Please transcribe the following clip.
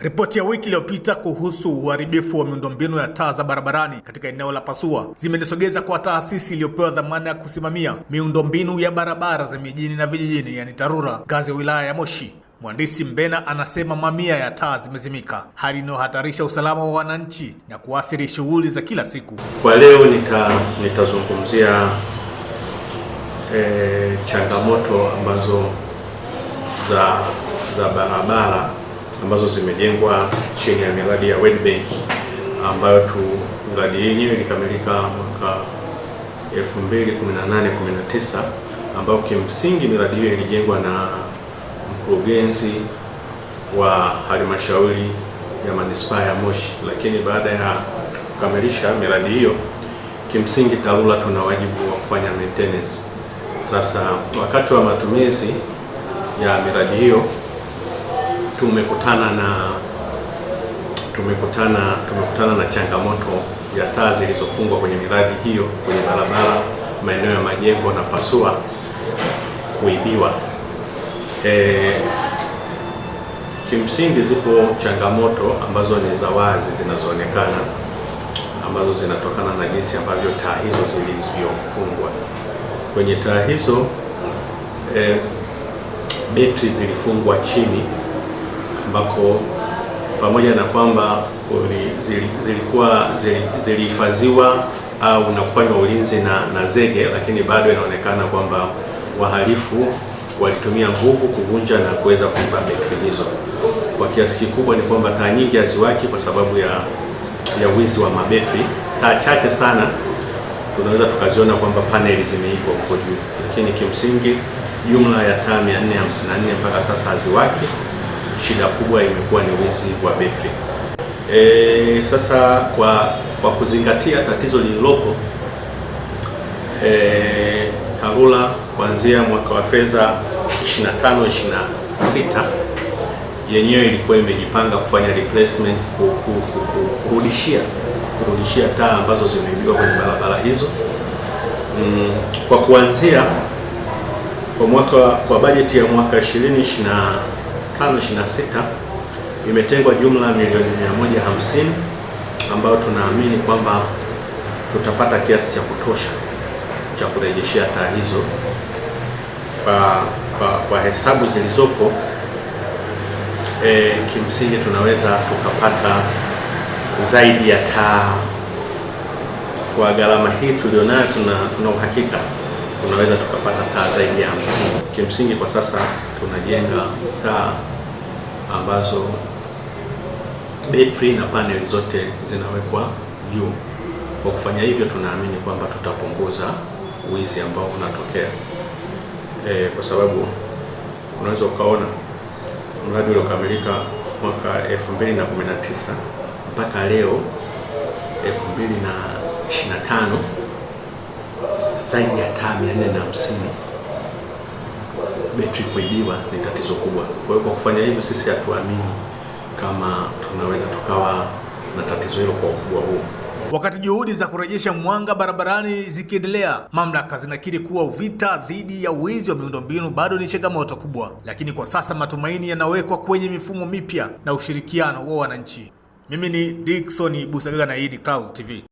Ripoti ya wiki iliyopita kuhusu uharibifu wa miundombinu ya taa za barabarani katika eneo la Pasua zimenisogeza kwa taasisi iliyopewa dhamana ya kusimamia miundombinu ya barabara za mijini na vijijini, yani TARURA, ngazi ya wilaya ya Moshi. Mhandisi Mbena anasema mamia ya taa zimezimika, hali inayohatarisha usalama wa wananchi na kuathiri shughuli za kila siku. Kwa leo nitazungumzia nita eh, changamoto ambazo za, za barabara ambazo zimejengwa chini ya miradi ya World Bank ambayo tu miradi yenyewe ilikamilika mwaka 2018 19 ambayo kimsingi miradi hiyo ilijengwa na mkurugenzi wa halmashauri ya manispaa ya Moshi, lakini baada ya kukamilisha miradi hiyo kimsingi TARURA tuna wajibu wa kufanya maintenance. Sasa wakati wa matumizi ya miradi hiyo tumekutana na tumekutana tumekutana na changamoto ya taa zilizofungwa kwenye miradi hiyo, kwenye barabara, maeneo ya majengo na pasua kuibiwa. E, kimsingi zipo changamoto ambazo ni za wazi zinazoonekana ambazo zinatokana na jinsi ambavyo taa hizo zilivyofungwa. Kwenye taa hizo e, betri zilifungwa chini ambako pamoja na kwamba zilikuwa zilihifadhiwa au na kufanywa ulinzi na, na zege, lakini bado inaonekana kwamba wahalifu walitumia nguvu kuvunja na kuweza kuiba betri hizo. Kwa kiasi kikubwa ni kwamba taa nyingi haziwaki kwa sababu ya ya wizi wa mabetri. Taa chache sana tunaweza tukaziona kwamba paneli zimeibwa huko juu, lakini kimsingi jumla ya taa 454 mpaka sasa haziwaki shida kubwa imekuwa ni wizi wa betri. E, sasa kwa kwa kuzingatia tatizo lililopo e, TARURA kuanzia mwaka wa fedha 25 26 yenyewe ilikuwa imejipanga kufanya replacement, kurudishia kurudishia taa ambazo zimeibiwa kwenye barabara hizo mm, kwa kuanzia kwa mwaka kwa bajeti ya mwaka 526 imetengwa jumla milioni 150 ambayo tunaamini kwamba tutapata kiasi cha kutosha cha kurejeshea taa hizo kwa, kwa, kwa hesabu zilizopo e, kimsingi tunaweza tukapata zaidi ya taa kwa gharama hii tulionayo, tuna, tuna uhakika tunaweza tukapata taa zaidi ya hamsini. Kimsingi kwa sasa tunajenga taa ambazo betri na paneli zote zinawekwa juu. Kwa kufanya hivyo, tunaamini kwamba tutapunguza wizi ambao unatokea e, kwa sababu unaweza ukaona mradi uliokamilika mwaka 2019 mpaka leo 2025 zaidi ya taa mia nne na hamsini betri kuibiwa ni tatizo kubwa. Kwa hiyo kwa kufanya hivyo, sisi hatuamini kama tunaweza tukawa na tatizo hilo kwa ukubwa huu. Wakati juhudi za kurejesha mwanga barabarani zikiendelea, mamlaka zinakiri kuwa vita dhidi ya wizi wa miundombinu bado ni changamoto kubwa, lakini kwa sasa matumaini yanawekwa kwenye mifumo mipya na ushirikiano wa wananchi. Mimi ni Dickson Busagaga na hii ni Clouds TV.